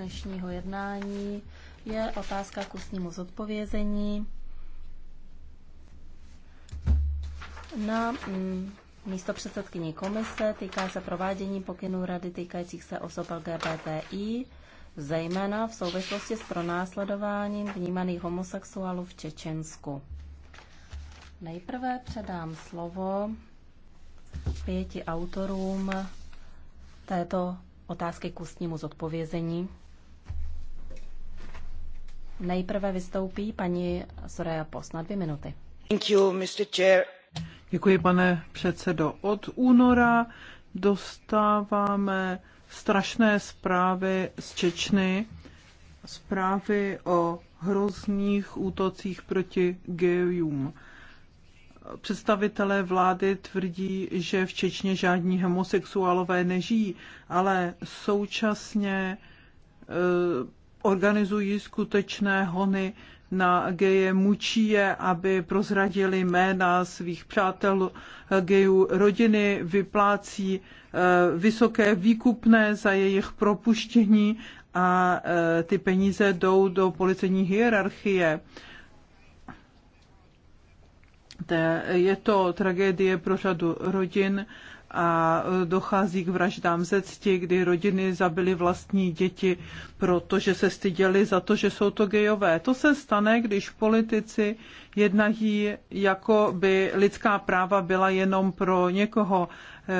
dnešního jednání je otázka k ústnímu zodpovězení na mm, místo předsedkyní komise. Týká se provádění pokynů rady týkajících se osob LGBTI, zejména v souvislosti s pronásledováním vnímaných homosexuálů v Čečensku. Nejprve předám slovo pěti autorům této otázky k ústnímu zodpovězení. Nejprve vystoupí paní Soraya Post na dvě minuty. Thank you, Mr. Chair. Děkuji, pane předsedo. Od února dostáváme strašné zprávy z Čečny, zprávy o hrozných útocích proti gejům. Představitelé vlády tvrdí, že v Čečně žádní homosexuálové nežijí, ale současně eh, organizují skutečné hony na geje, mučí je, aby prozradili jména svých přátel gejů. Rodiny vyplácí eh, vysoké výkupné za jejich propuštění a eh, ty peníze jdou do policejní hierarchie. Je to tragédie pro řadu rodin a dochází k vraždám ze cti, kdy rodiny zabily vlastní děti, protože se styděli za to, že jsou to gejové. To se stane, když politici jednají, jako by lidská práva byla jenom pro někoho, eh,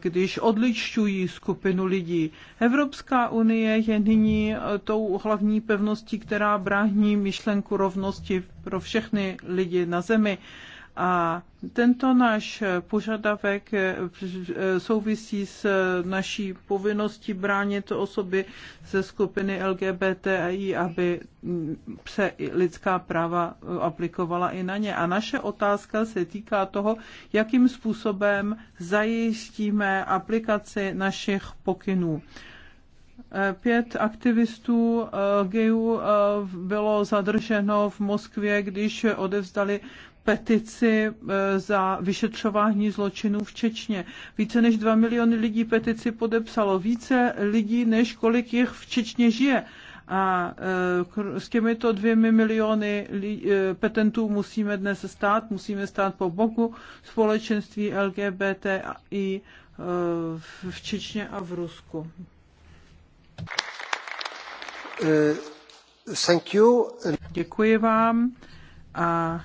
když odličťují skupinu lidí. Evropská unie je nyní eh, tou hlavní pevností, která brání myšlenku rovnosti pro všechny lidi na zemi. A tento náš požadavek eh, eh, souvisí s eh, naší povinností bránit osoby ze skupiny LGBTI, aby mm, se lidská práva aplikovala i na ně. A naše otázka se týká toho, jakým způsobem zajistíme aplikaci našich pokynů. Pět aktivistů gejů bylo zadrženo v Moskvě, když odevzdali petici eh, za vyšetřování zločinů v Čečně. Více než 2 miliony lidí petici podepsalo, více lidí než kolik jich v Čečně žije. A eh, s těmito dvěmi miliony eh, petentů musíme dnes stát, musíme stát po boku společenství LGBT i v Čečně a v Rusku. Thank you. Děkuji vám. A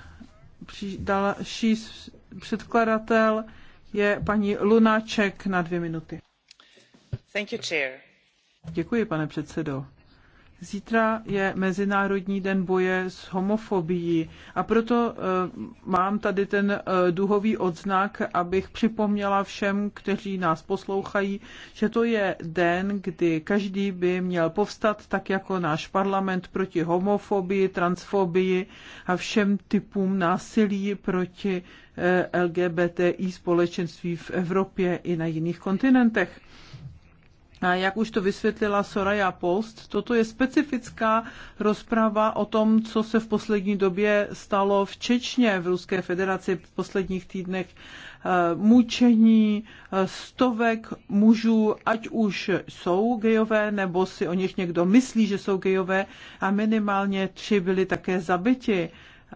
Další předkladatel je paní Lunáček na dvě minuty. Thank you, chair. Děkuji, pane předsedo. Zítra je Mezinárodní den boje s homofobií a proto eh, mám tady ten eh, duhový odznak, abych připomněla všem, kteří nás poslouchají, že to je den, kdy každý by měl povstat tak jako náš parlament proti homofobii, transfobii a všem typům násilí proti eh, LGBTI společenství v Evropě i na jiných kontinentech. A jak už to vysvětlila Soraya Post, toto je specifická rozprava o tom, co se v poslední době stalo v Čečně, v Ruské federaci v posledních týdnech eh, mučení eh, stovek mužů, ať už jsou gejové, nebo si o nich někdo myslí, že jsou gejové, a minimálně tři byli také zabiti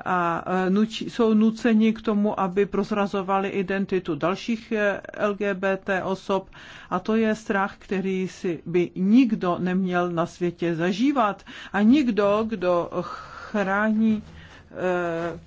a e, nuč, jsou nuceni k tomu, aby prozrazovali identitu dalších e, LGBT osob a to je strach, který si by nikdo neměl na světě zažívat a nikdo, kdo chrání e,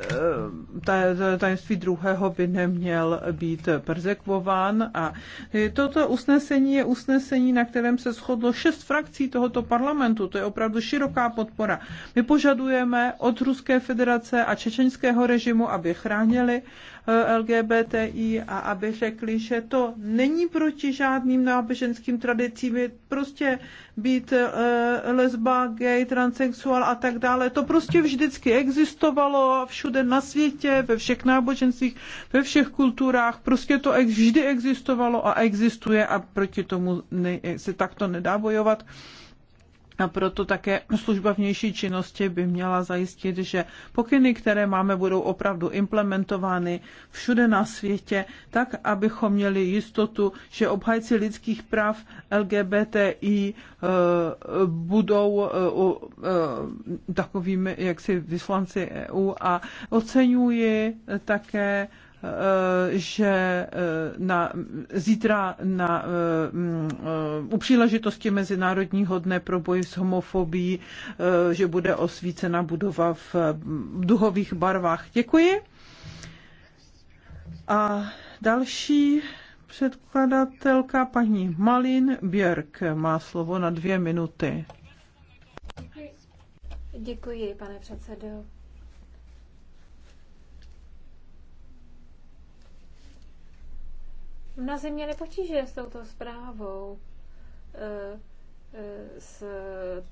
Eh, tajemství druhého by neměl být persekvován. A eh, toto usnesení je usnesení, na kterém se shodlo šest frakcí tohoto parlamentu. To je opravdu široká podpora. My požadujeme od Ruské federace a čečenského režimu, aby chránili Eh, LGBTI a aby řekli, že to není proti žádným náboženským tradicím, je prostě být eh, lesba, gay, transexuál a tak dále. To prostě vždycky existovalo všude na světě, ve všech náboženstvích, ve všech kulturách. Prostě to vždy existovalo a existuje a proti tomu se takto nedá bojovat. A proto také služba vnější činnosti by měla zajistit, že pokyny, které máme, budou opravdu implementovány všude na světě, tak, abychom měli jistotu, že obhajci lidských práv LGBTI eh, budou eh, eh, takovými jaksi vyslanci EU. A oceňuji také Eh, že eh, na, zítra na, eh, mm, u příležitosti Mezinárodního dne pro boj s homofobí, že bude osvícena budova v duhových barvách. Děkuji. A další předkladatelka paní Malin Björk má slovo na dvě minuty. Děkuji, pane předsedo. Mnozí měli potíže s touto zprávou, eh, eh, s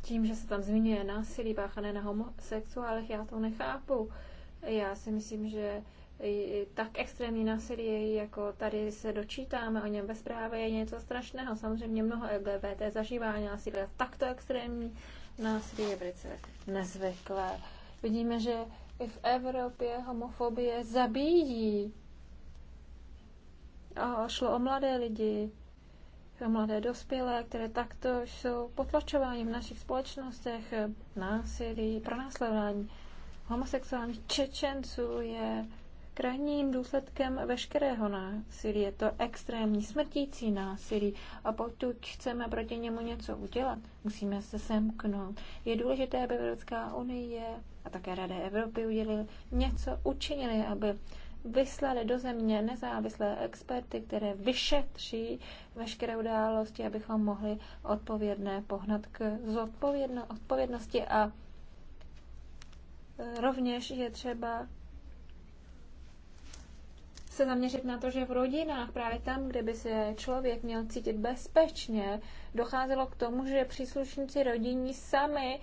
tím, že se tam zmiňuje násilí páchané na homosexuálech, já to nechápu. Já si myslím, že tak extrémní násilí, jako tady se dočítáme o něm ve zprávě, je něco strašného. Samozřejmě mnoho LGBT zažívá násilí, ale takto extrémní násilí je velice nezvyklé. Vidíme, že i v Evropě homofobie zabíjí a šlo o mladé lidi, o mladé dospělé, které takto jsou potlačováni v našich společnostech, násilí, pronásledování homosexuálních Čečenců je krajním důsledkem veškerého násilí. Je to extrémní smrtící násilí a pokud chceme proti němu něco udělat, musíme se semknout. Je důležité, aby Evropská unie a také Rada Evropy udělili něco, učinili, aby vyslali do země nezávislé experty, které vyšetří veškeré události, abychom mohli odpovědné pohnat k zodpovědnosti a e, rovněž je třeba se zaměřit na to, že v rodinách, právě tam, kde by se člověk měl cítit bezpečně, docházelo k tomu, že příslušníci rodiní sami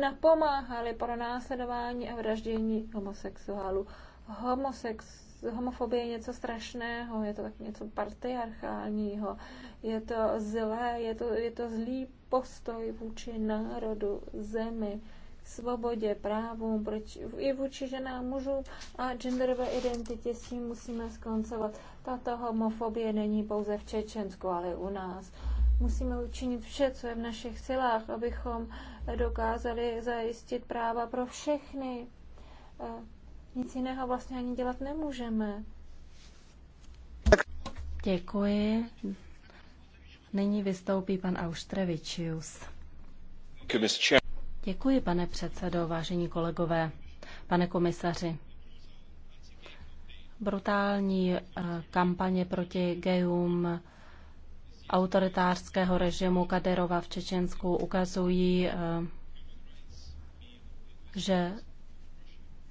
napomáhali pro následování a vraždění homosexuálů homosex, homofobie je něco strašného, je to tak něco patriarchálního, je to zlé, je to, je to zlý postoj vůči národu, zemi, svobodě, právům, proč, i vůči ženám, mužům a genderové identitě s tím musíme skoncovat. Tato homofobie není pouze v Čečensku, ale u nás. Musíme učinit vše, co je v našich silách, abychom dokázali zajistit práva pro všechny nic jiného vlastně ani dělat nemůžeme. Děkuji. Nyní vystoupí pan Auštrevičius. Děkuji, pane předsedo, vážení kolegové, pane komisaři. Brutální eh, kampaně proti gejům autoritářského režimu Kaderova v Čečensku ukazují, eh, že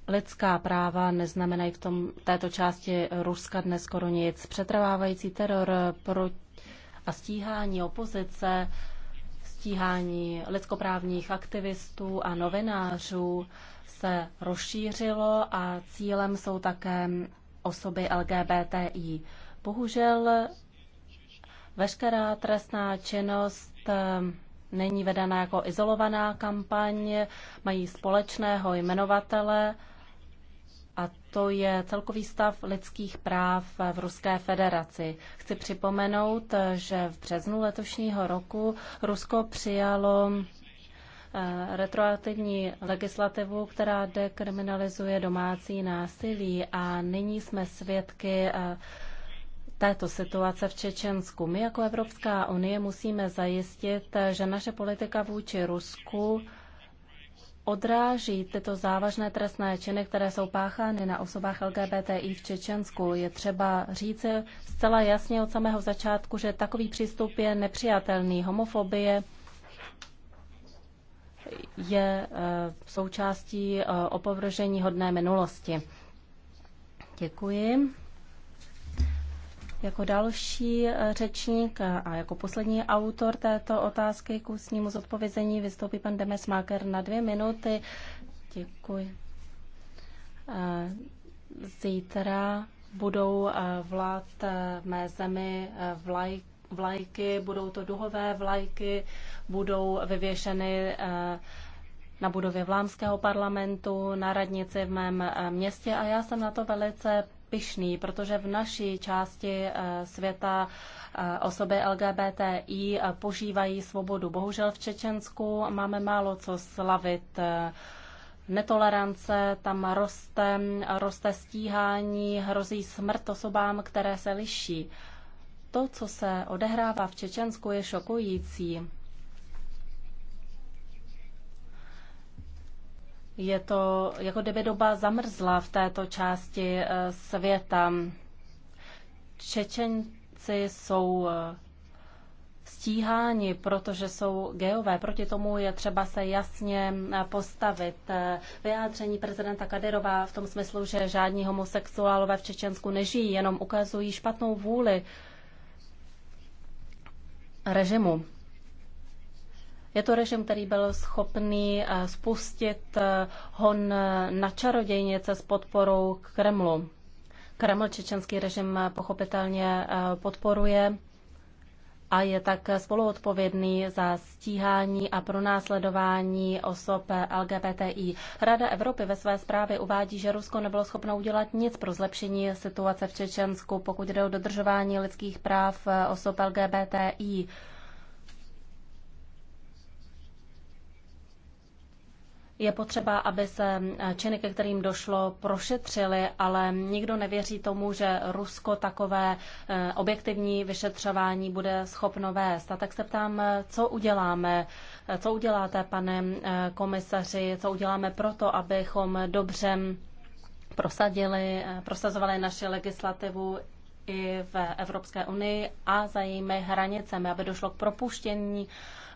Lidská práva neznamenají v tom, této části Ruska dnes skoro nic. Přetrvávající teror pro a stíhání opozice, stíhání lidskoprávních aktivistů a novinářů se rozšířilo a cílem jsou také osoby LGBTI. Bohužel veškerá trestná činnost ehm, není vedena jako izolovaná kampaň, mají společného jmenovatele a to je celkový stav lidských práv v Ruské federaci. Chci připomenout, že v březnu letošního roku Rusko přijalo eh, retroaktivní legislativu, která dekriminalizuje domácí násilí a nyní jsme svědky eh, této situace v Čečensku. My jako Evropská unie musíme zajistit, eh, že naše politika vůči Rusku odráží tyto závažné trestné činy, které jsou páchány na osobách LGBTI v Čečensku. Je třeba říci zcela jasně od samého začátku, že takový přístup je nepřijatelný. Homofobie je e, součástí e, opovržení hodné minulosti. Děkuji. Jako další e, řečník a jako poslední autor této otázky k ústnímu zodpovězení vystoupí pan Demes Máker na dvě minuty. Děkuji. E, zítra budou e, vlád mé zemi vlajky vlajky, budou to duhové vlajky, budou vyvěšeny na budově vlámského parlamentu, na radnici v mém městě a já jsem na to velice pyšný, protože v naší části eh, světa eh, osoby LGBTI eh, požívají svobodu. Bohužel v Čečensku máme málo co slavit netolerance, tam roste, roste stíhání, hrozí smrt osobám, které se liší. To, co se odehrává v Čečensku, je šokující. Je to, jako kdyby doba zamrzla v této části eh, světa. Čečenci jsou eh, stíháni, protože jsou geové. Proti tomu je třeba se jasně eh, postavit. Vyjádření prezidenta Kadyrova v tom smyslu, že žádní homosexuálové v Čečensku nežijí, jenom ukazují špatnou vůli režimu. Je to režim, který byl schopný eh, spustit eh, hon na čarodějnice s podporou Kremlu. Kreml čečenský režim eh, pochopitelně podporuje a je tak spoluodpovědný za stíhání a pronásledování osob LGBTI. Rada Evropy ve své zprávě uvádí, že Rusko nebylo schopno udělat nic pro zlepšení situace v Čečensku, pokud jde o dodržování lidských práv osob LGBTI. Je potřeba, aby se eh, činy, ke kterým došlo, prošetřily, ale nikdo nevěří tomu, že Rusko takové eh, objektivní vyšetřování bude schopno vést. A tak se ptám, co uděláme, eh, co uděláte, pane komisaři, co uděláme proto, abychom dobře prosadili, prosazovali naši legislativu i v Evropské unii a za jejími hranicemi, aby došlo k propuštění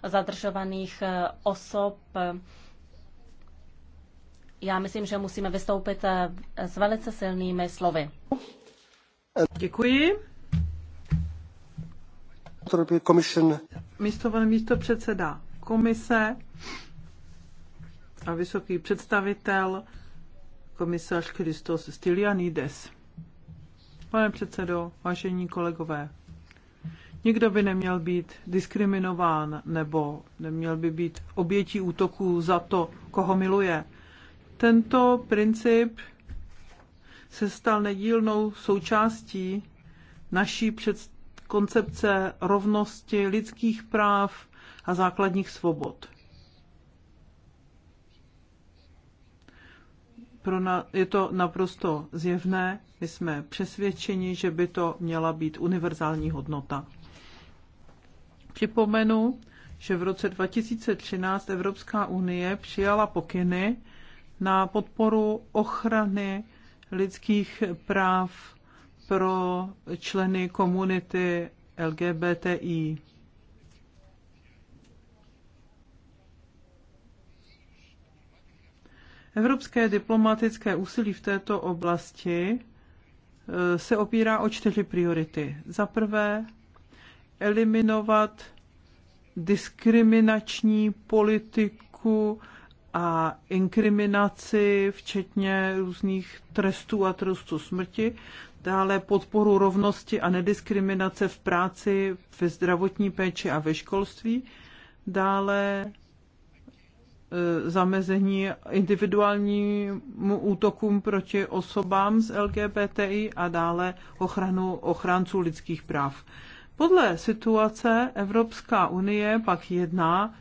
zadržovaných osob já myslím, že musíme vystoupit eh, s velice silnými slovy. Děkuji. Místo pan místo předseda komise a vysoký představitel komisař Kristos Stylianides. Pane předsedo, vážení kolegové, nikdo by neměl být diskriminován nebo neměl by být obětí útoků za to, koho miluje. Tento princip se stal nedílnou součástí naší před koncepce rovnosti lidských práv a základních svobod. Pro na, je to naprosto zjevné, my jsme přesvědčeni, že by to měla být univerzální hodnota. Připomenu, že v roce 2013 Evropská unie přijala pokyny, na podporu ochrany lidských práv pro členy komunity LGBTI. Evropské diplomatické úsilí v této oblasti eh, se opírá o čtyři priority. Za prvé, eliminovat diskriminační politiku a inkriminaci, včetně různých trestů a trestů smrti, dále podporu rovnosti a nediskriminace v práci, ve zdravotní péči a ve školství, dále e, zamezení individuálním útokům proti osobám z LGBTI a dále ochranu ochránců lidských práv. Podle situace Evropská unie pak jedná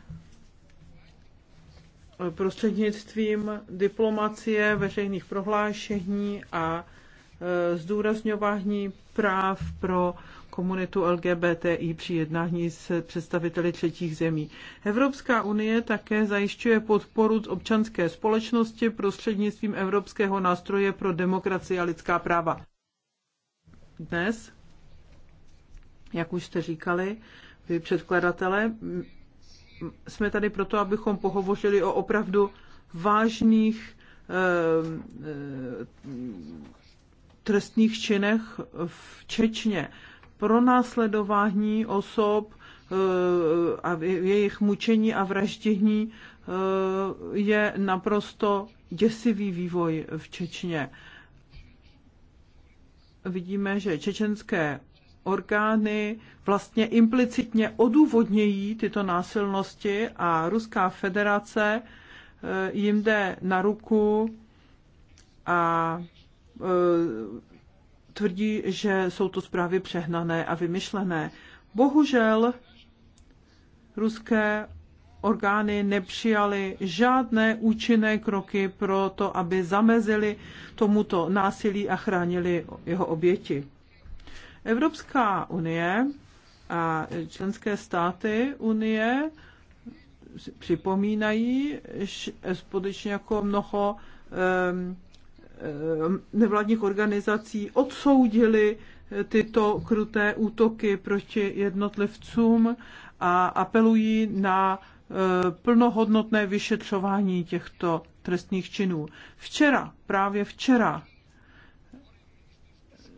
prostřednictvím diplomacie, veřejných prohlášení a e, zdůrazňování práv pro komunitu LGBTI při jednání s představiteli třetích zemí. Evropská unie také zajišťuje podporu z občanské společnosti prostřednictvím Evropského nástroje pro demokracii a lidská práva. Dnes, jak už jste říkali, vy předkladatele, jsme tady proto, abychom pohovořili o opravdu vážných eh, eh, trestných činech v Čečně. Pro následování osob eh, a jejich mučení a vraždění je naprosto děsivý vývoj v Čečně. Vidíme, že čečenské orgány vlastně implicitně odůvodnějí tyto násilnosti a Ruská federace eh, jim jde na ruku a eh, tvrdí, že jsou to zprávy přehnané a vymyšlené. Bohužel ruské orgány nepřijaly žádné účinné kroky pro to, aby zamezili tomuto násilí a chránili jeho oběti. Evropská unie a členské státy unie připomínají, společně jako mnoho nevládních organizací odsoudili tyto kruté útoky proti jednotlivcům a apelují na e, plnohodnotné vyšetřování těchto trestných činů. Včera, právě včera,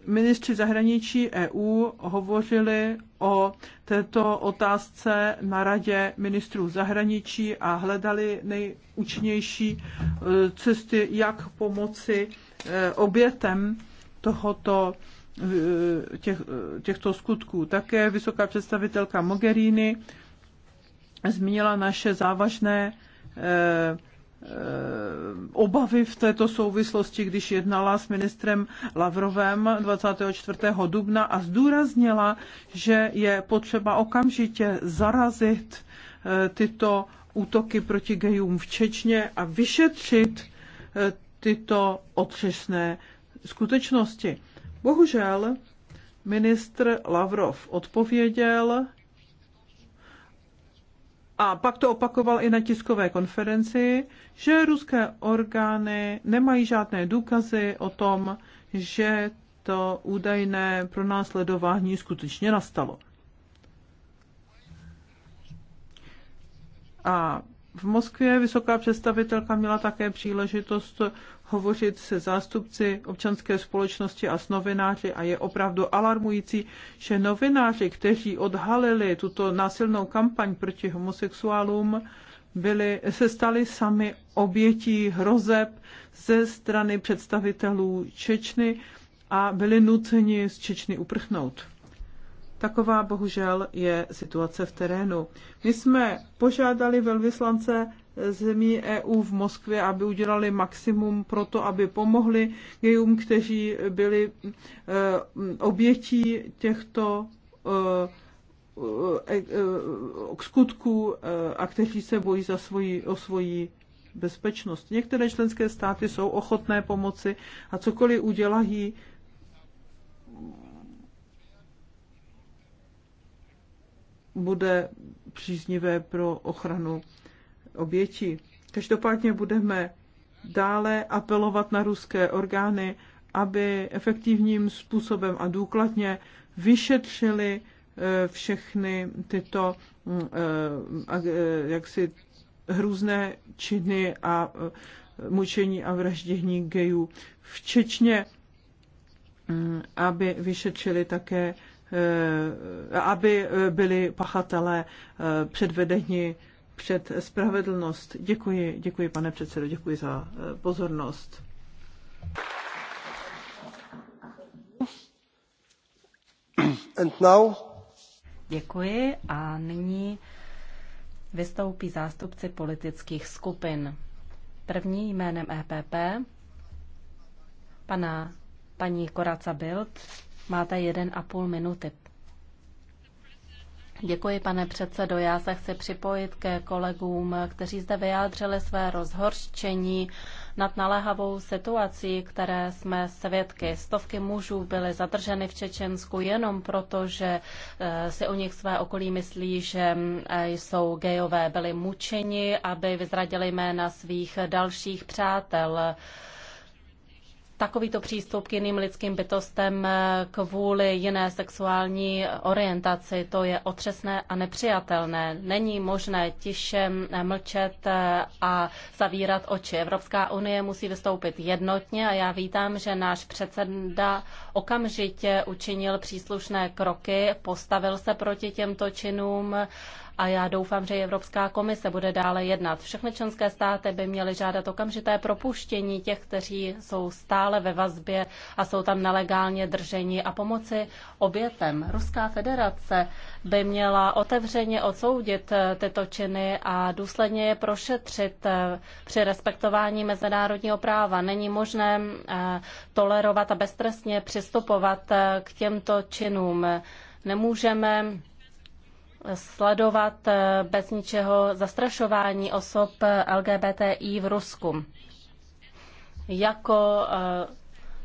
ministři zahraničí EU hovořili o této otázce na radě ministrů zahraničí a hledali nejúčinnější e, cesty, jak pomoci e, obětem tohoto e, těch, těchto skutků. Také vysoká představitelka Mogherini zmínila naše závažné Eh, obavy v této souvislosti, když jednala s ministrem Lavrovem 24. dubna a zdůraznila, že je potřeba okamžitě zarazit eh, tyto útoky proti gejům v Čečně a vyšetřit eh, tyto otřesné skutečnosti. Bohužel ministr Lavrov odpověděl, a pak to opakoval i na tiskové konferenci, že ruské orgány nemají žádné důkazy o tom, že to údajné pronásledování skutečně nastalo. A v Moskvě vysoká představitelka měla také příležitost hovořit se zástupci občanské společnosti a s novináři a je opravdu alarmující, že novináři, kteří odhalili tuto násilnou kampaň proti homosexuálům, byli, se stali sami obětí hrozeb ze strany představitelů Čečny a byli nuceni z Čečny uprchnout. Taková bohužel je situace v terénu. My jsme požádali velvyslance zemí EU v Moskvě, aby udělali maximum pro to, aby pomohli gejům, kteří byli eh, obětí těchto k eh, eh, skutku a kteří se bojí za svoji, o svoji bezpečnost. Některé členské státy jsou ochotné pomoci a cokoliv udělají, bude příznivé pro ochranu obětí. Každopádně budeme dále apelovat na ruské orgány, aby efektivním způsobem a důkladně vyšetřili eh, všechny tyto mm, eh, eh, jaksi hrůzné činy a mučení a vraždění gejů, včetně mm, aby vyšetřili také Eh, aby eh, byli pachatelé eh, předvedeni před spravedlnost. Děkuji, děkuji pane předsedo, děkuji za pozornost. And now? Děkuji a nyní vystoupí zástupci politických skupin. První jménem EPP, pana, paní Koraca Bild, Máte půl minuty. Děkuji, pane předsedo. Já se chci připojit ke kolegům, kteří zde vyjádřili své rozhorčení nad naléhavou situací, které jsme svědky. Stovky mužů byly zadrženy v Čečensku jenom proto, že eh, si o nich své okolí myslí, že eh, jsou gejové. Byli mučeni, aby vyzradili jména svých dalších přátel takovýto přístup k jiným lidským bytostem eh, kvůli jiné sexuální orientaci. To je otřesné a nepřijatelné. Není možné tiše eh, mlčet eh, a zavírat oči. Evropská unie musí vystoupit jednotně a já vítám, že náš předseda okamžitě učinil příslušné kroky, postavil se proti těmto činům a já doufám, že Evropská komise bude dále jednat. Všechny členské státy by měly žádat okamžité propuštění těch, kteří jsou stále ve vazbě a jsou tam nelegálně drženi a pomoci obětem. Ruská federace by měla otevřeně odsoudit eh, tyto činy a důsledně je prošetřit eh, při respektování mezinárodního práva. Není možné eh, tolerovat a beztrestně přistupovat k těmto činům. Nemůžeme sledovat eh, bez ničeho zastrašování osob LGBTI v Rusku. Jako eh,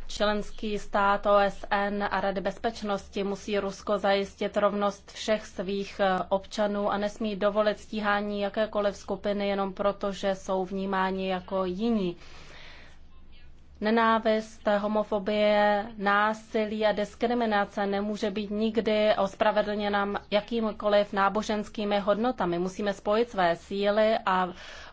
členský stát OSN a Rady bezpečnosti musí Rusko zajistit rovnost všech svých eh, občanů a nesmí dovolit stíhání jakékoliv skupiny jenom proto, že jsou vnímáni jako jiní nenávist, homofobie, násilí a diskriminace nemůže být nikdy ospravedlněna jakýmkoliv náboženskými hodnotami. Musíme spojit své síly a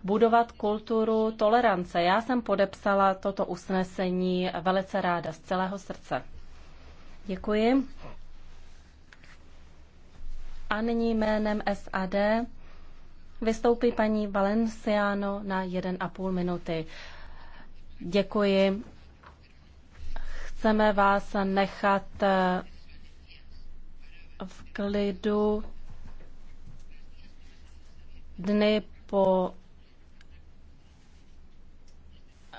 budovat kulturu tolerance. Já jsem podepsala toto usnesení velice ráda, z celého srdce. Děkuji. A nyní jménem SAD vystoupí paní Valenciano na 1,5 minuty. Děkuji. Chceme vás nechat eh, v klidu dny po eh,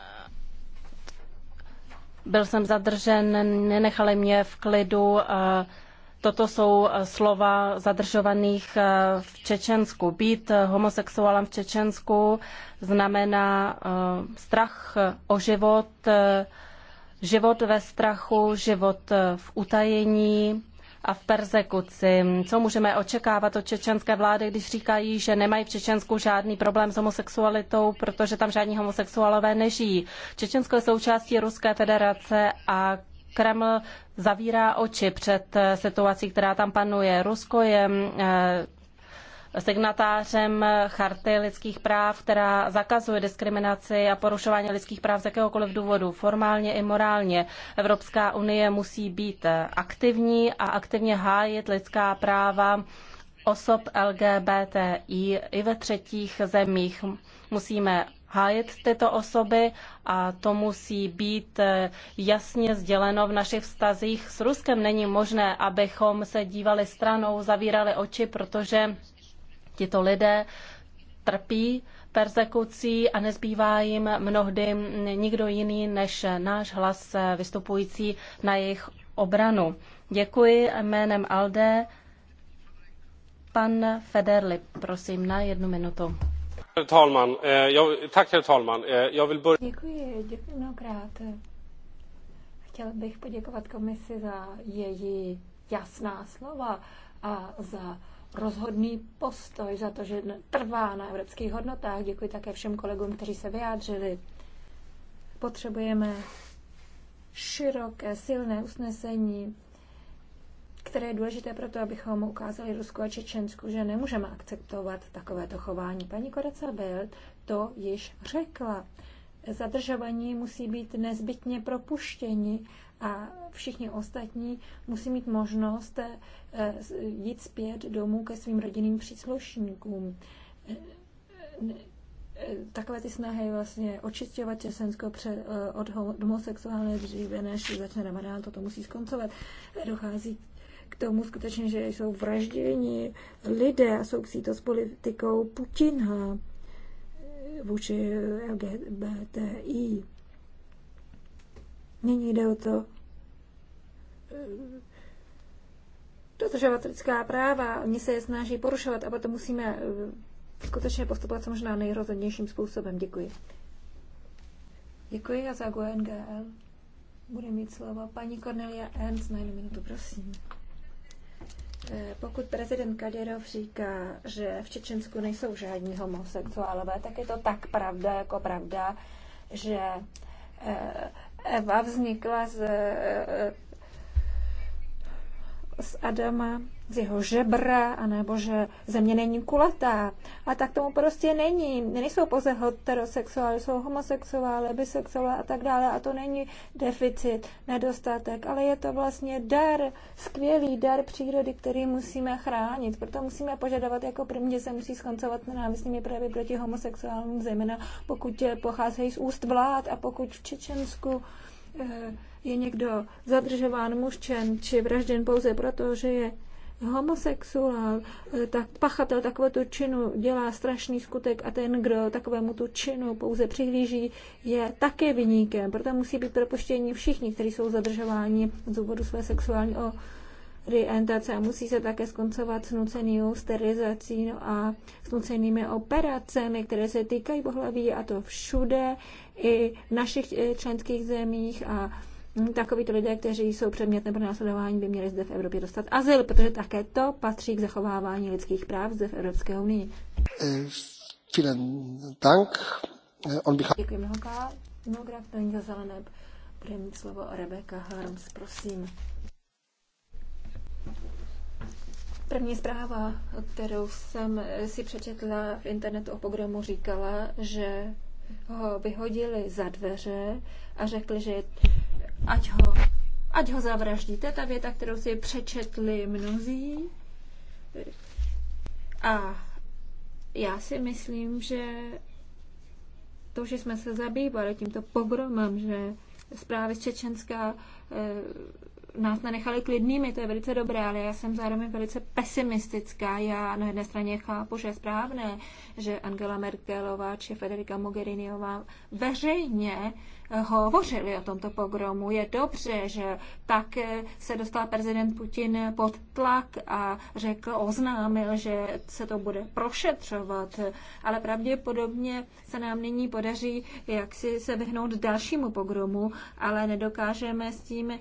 byl jsem zadržen, nenechali mě v klidu. A eh, Toto jsou eh, slova zadržovaných eh, v Čečensku. Být eh, homosexuálem v Čečensku znamená strach o život, život ve strachu, život v utajení a v persekuci. Co můžeme očekávat od čečenské vlády, když říkají, že nemají v Čečensku žádný problém s homosexualitou, protože tam žádní homosexuálové nežijí. Čečensko je součástí Ruské federace a Kreml zavírá oči před eh, situací, která tam panuje. Rusko je eh, signatářem Charty lidských práv, která zakazuje diskriminaci a porušování lidských práv z jakéhokoliv důvodu, formálně i morálně. Evropská unie musí být eh, aktivní a aktivně hájit lidská práva osob LGBTI i ve třetích zemích. Musíme hájet tyto osoby a to musí být eh, jasně sděleno v našich vztazích s Ruskem. Není možné, abychom se dívali stranou, zavírali oči, protože tito lidé trpí persekucí a nezbývá jim mnohdy nikdo jiný než náš hlas eh, vystupující na jejich obranu. Děkuji jménem Alde. Pan Federli, prosím, na jednu minutu. Děkuji, děkuji mnohokrát. Chtěl bych poděkovat komisi za její jasná slova a za rozhodný postoj, za to, že trvá na evropských hodnotách. Děkuji také všem kolegům, kteří se vyjádřili. Potřebujeme široké, silné usnesení které je důležité proto, abychom ukázali Rusku a Čečensku, že nemůžeme akceptovat takovéto chování. Paní Koreca Bild to již řekla. Zadržovaní musí být nezbytně propuštěni a všichni ostatní musí mít možnost eh, jít zpět domů ke svým rodinným příslušníkům. Eh, eh, takové ty snahy vlastně očistěvat Česensko před, od homosexuálně dříve, než začne Ramadán, toto musí skoncovat. Dochází k k tomu skutečně, že jsou vražděni lidé a souvisí to s politikou Putina vůči LGBTI. Nyní jde o to eh, dodržovat lidská práva, oni se je snaží porušovat a proto musíme eh, skutečně postupovat co možná nejrozhodnějším způsobem. Děkuji. Děkuji a za GNGL bude mít slovo paní Cornelia Ernst na jednu minutu, prosím. Eh, pokud prezident Kadyrov říká, že v Čečensku nejsou žádní homosexuálové, tak je to tak pravda, jako pravda, že eh, Eva vznikla z, eh, z Adama z jeho žebra, anebo že země není kulatá. A tak tomu prostě není. Nejsou pouze heterosexuály, jsou homosexuály, bisexuály a tak dále. A to není deficit, nedostatek, ale je to vlastně dar, skvělý dar přírody, který musíme chránit. Proto musíme požadovat jako první, že se musí skoncovat nenávistnými projevy proti homosexuálům, zejména pokud eh, pocházejí z úst vlád a pokud v Čečensku eh, je někdo zadržován, mužčen, či vražděn pouze proto, že je homosexuál, eh, tak pachatel takovéto činu dělá strašný skutek a ten, kdo takovému tu činu pouze přihlíží, je také vyníkem. Proto musí být propuštěni všichni, kteří jsou zadržováni z důvodu své sexuální orientace a musí se také skoncovat s nucenou sterilizací no a s nucenými operacemi, které se týkají pohlaví a to všude, i v našich eh, členských zemích a takovýto lidé, kteří jsou předmětem následování, by měli zde v Evropě dostat azyl, protože také to patří k zachovávání lidských práv zde v Evropské unii. Dank. On bych... Děkuji mnohokrát. Mnohokrát není za zelené. Bude mít slovo Rebeka, Harms, prosím. První zpráva, kterou jsem si přečetla v internetu o pogromu, říkala, že ho vyhodili za dveře a řekli, že ať ho, ať ho zavraždíte, ta věta, kterou si přečetli mnozí. A já si myslím, že to, že jsme se zabývali tímto pogromem, že zprávy z Čečenska e, nás nenechali klidnými, to je velice dobré, ale já jsem zároveň velice pesimistická. Já na jedné straně chápu, že je správné, že Angela Merkelová či Federika Mogheriniová veřejně hovořili o tomto pogromu. Je dobře, že tak se dostal prezident Putin pod tlak a řekl, oznámil, že se to bude prošetřovat, ale pravděpodobně se nám nyní podaří jaksi se vyhnout dalšímu pogromu, ale nedokážeme s tím,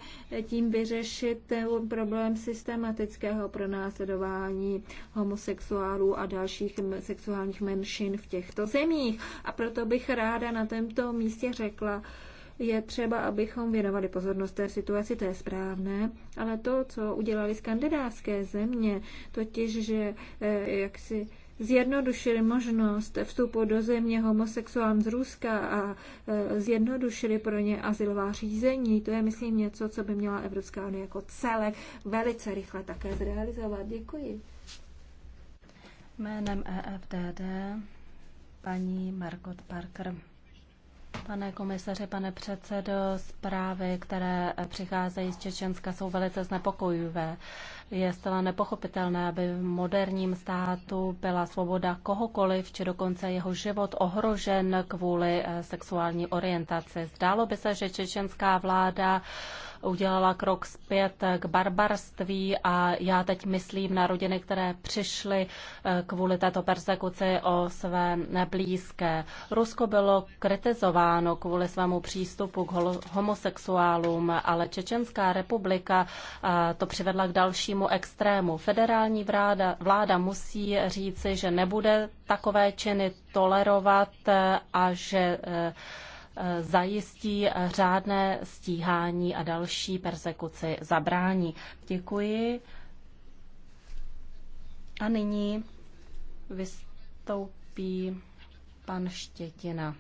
tím vyřešit problém systematického pronásledování homosexuálů a dalších sexuálních menšin v těchto zemích. A proto bych ráda na tomto místě řekla, je třeba, abychom věnovali pozornost té situaci, to je správné, ale to, co udělali skandinávské země, totiž, že eh, jak si zjednodušili možnost vstupu do země homosexuálům z Ruska a eh, zjednodušili pro ně asilová řízení. To je, myslím, něco, co by měla Evropská unie jako celek velice rychle také zrealizovat. Děkuji. Jménem EFDD paní Margot Parker. Pane komisaře, pane předsedo, zprávy, které přicházejí z Čečenska, jsou velice znepokojivé. Je zcela nepochopitelné, aby v moderním státu byla svoboda kohokoliv, či dokonce jeho život ohrožen kvůli eh, sexuální orientaci. Zdálo by se, že čečenská vláda udělala krok zpět k barbarství a já teď myslím na rodiny, které přišly eh, kvůli této persekuci o své blízké. Rusko bylo kritizováno kvůli svému přístupu k homosexuálům, ale Čečenská republika eh, to přivedla k dalšímu extrému. Federální vláda, vláda musí říci, že nebude takové činy tolerovat eh, a že zajistí řádné stíhání a další persekuci zabrání. Děkuji. A nyní vystoupí pan Štětina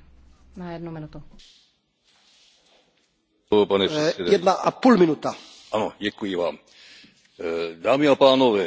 na jednu minutu. Pane eh, Jedna a půl minuta. Ano, děkuji vám. Eh, dámy a pánové,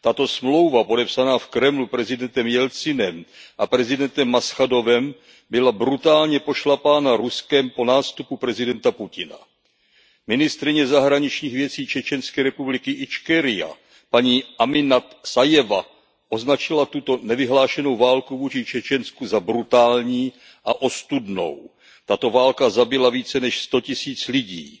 tato smlouva podepsaná v kremlu prezidentem jelcinem a prezidentem maschadovem byla brutálně pošlapána ruskem po nástupu prezidenta putina. ministryně zahraničních věcí čečenské republiky ičkeria paní aminat sajeva označila tuto nevyhlášenou válku vůči čečensku za brutální a ostudnou. tato válka zabila více než sto tisíc lidí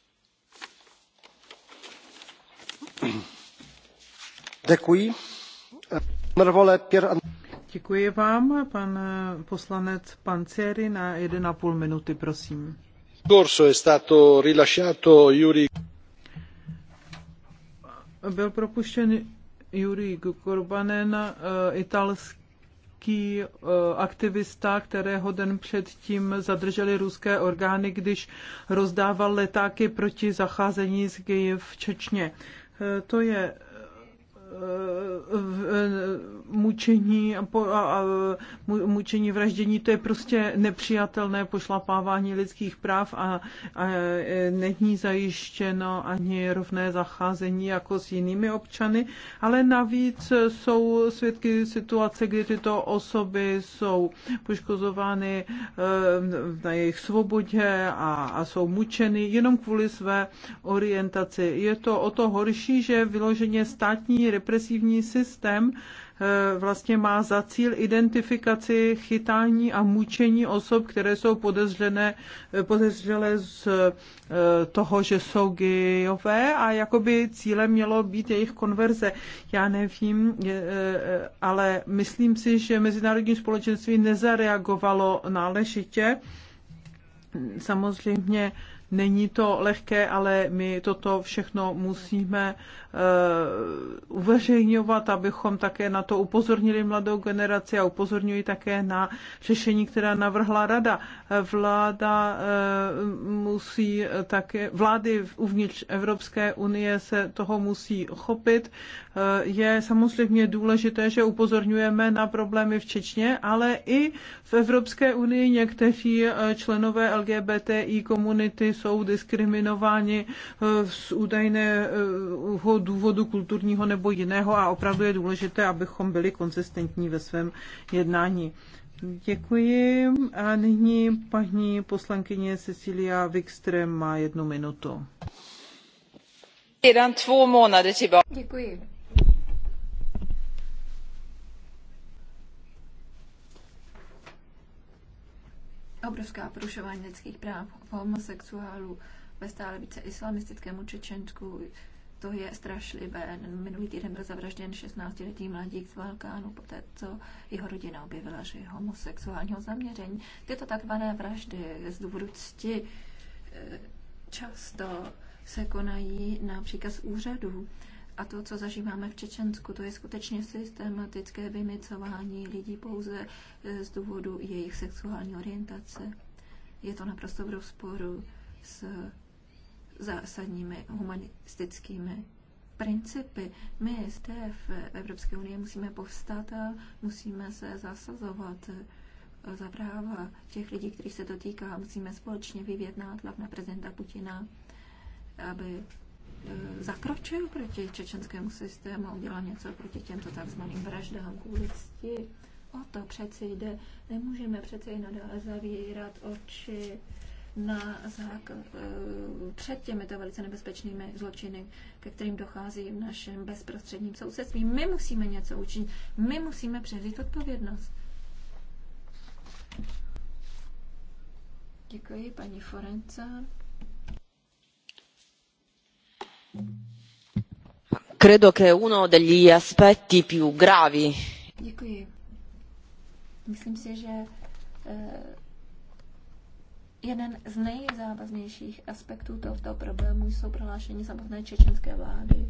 Děkuji. Děkuji vám, pan poslanec Panzeri, na a půl minuty, prosím. Byl propuštěn Jurij Korbanen, eh, italský eh, aktivista, kterého den předtím zadrželi ruské orgány, když rozdával letáky proti zacházení s geji v Čečně to je Eh, mučení a, po, a, a mučení vraždění, to je prostě nepřijatelné pošlapávání lidských práv a, a eh, není zajištěno ani rovné zacházení jako s jinými občany, ale navíc jsou svědky situace, kdy tyto osoby jsou poškozovány eh, na jejich svobodě a, a jsou mučeny jenom kvůli své orientaci. Je to o to horší, že vyloženě státní represivní systém eh, vlastně má za cíl identifikaci, chytání a mučení osob, které jsou podezřelé, eh, podezřelé z eh, toho, že jsou gejové a jakoby cílem mělo být jejich konverze. Já nevím, ale myslím si, že mezinárodní společenství nezareagovalo náležitě. Samozřejmě Není to lehké, ale my toto všechno musíme eh, uveřejňovat, abychom také na to upozornili mladou generaci a upozorňuji také na řešení, která navrhla rada. Vláda eh, musí také, vlády uvnitř Evropské unie se toho musí chopit. Eh, je samozřejmě důležité, že upozorňujeme na problémy v Čečně, ale i v Evropské unii někteří členové LGBTI komunity jsou diskriminováni eh, z údajného důvodu kulturního nebo jiného a opravdu je důležité, abychom byli konzistentní ve svém jednání. Děkuji. A nyní paní poslankyně Cecilia Wikström má jednu minutu. Děkuji. obrovská porušování lidských práv homosexuálů ve stále více islamistickému Čečensku. To je strašlivé. Minulý týden byl zavražděn 16-letý mladík z Balkánu, poté co jeho rodina objevila, že je homosexuálního zaměření. Tyto takzvané vraždy z důvodu cti eh, často se konají na příkaz úřadů. A to, co zažíváme v Čečensku, to je skutečně systematické vymycování lidí pouze eh, z důvodu jejich sexuální orientace. Je to naprosto v rozporu s zásadními humanistickými principy. My zde v Evropské unii musíme povstat a musíme se zasazovat eh, za práva těch lidí, kterých se to týká. Musíme společně vyvědnat hlavně na prezidenta Putina, aby Eh, zakročil proti čečenskému systému a udělal něco proti těmto takzvaným vraždám kvůli cti. O to přeci jde. Nemůžeme přece i nadále zavírat oči na zák- eh, před těmito velice nebezpečnými zločiny, ke kterým dochází v našem bezprostředním sousedství. My musíme něco učinit. My musíme převzít odpovědnost. Děkuji, paní Forenca. Credo che uno degli aspetti più gravi. Myslím si, že eh, jeden z nejzávaznějších aspektů tohoto problému jsou prohlášení samotné čečenské vlády,